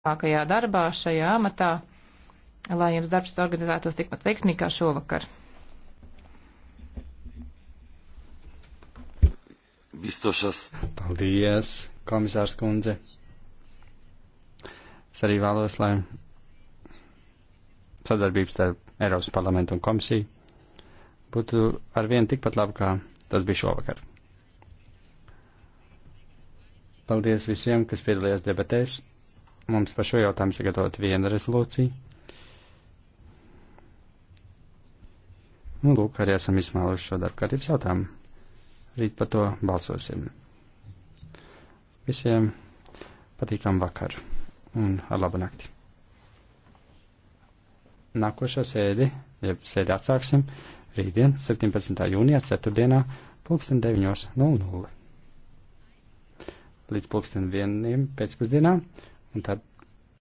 turpmākajā darbā šajā amatā, lai jums darbs organizētos tikpat veiksmīgi kā šovakar. Bistošas. Paldies, komisārs kundze. Es arī vēlos, lai sadarbības starp Eiropas parlamentu un komisiju būtu ar vien tikpat labi, kā tas bija šovakar. Paldies visiem, kas piedalījās debatēs. Mums par šo jautājumu sagatavot viena rezolūcija. Nu, lūk, arī esam izsmēluši šo darbu kārtības jautājumu. Rīt par to balsosim. Visiem patīkam vakar un ar labu nakti. Nākošā sēdi, jeb sēdi atsāksim, rītdien, 17. jūnijā, ceturtdienā, pulksten 9.00. Līdz pulksten 1.00 pēcpusdienā Un tad